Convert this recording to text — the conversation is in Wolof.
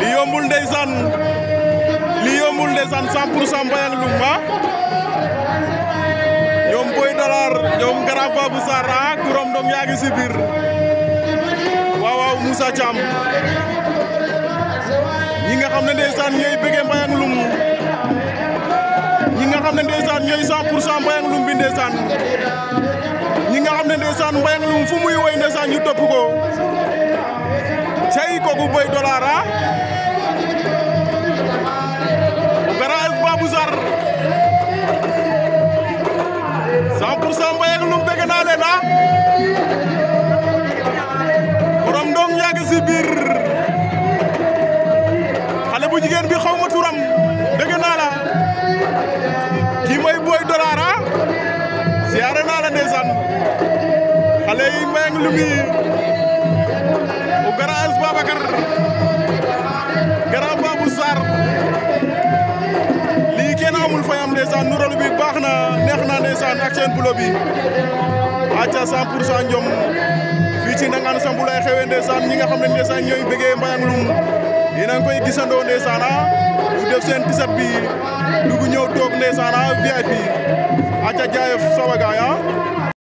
li yombul ndeysaan li yombul ndeysaan 100 pour cent Mbayang Boy Dollar yom Grand Babou Sarr ah Gourom Ndong yaa ngi si biir waaw waaw Moussa Thiam ñi nga xam ne ndeysaan ñooy sampai yang Loum ñi nga xam ne ndeysaan ñooy 100 bayang cent Mbayang Loum ñi nga fu muy ñu ko cey kooku Boy Dolara ah. garage Babou Sarr 100 pour cent Mbaye ak Loum bëgg naa leen ah borom doom yaa ngi si biir bu jigéen bi xaw ma turam naa la kii mooy Boy Dolara ah. ziare naa la ndeysaan xale yi Mbaye kër grand Babou Sarr lii kenn amul fayam ndeysaan nuralu bi baax na neex na ndeysaan ak seen bulo bi acca 100 pour cent Ndiom fii ci Ndangane Sambou lay xewee ndeysaan ñi nga xam ne ndeysaan ñooy bëggee mbayang lum yéen a ngi koy gisandoo ndeysaan ah ñu def seen tisat bi dugg ñëw toog ndeysaan ah VIP acca jaayef sawa gaay ah.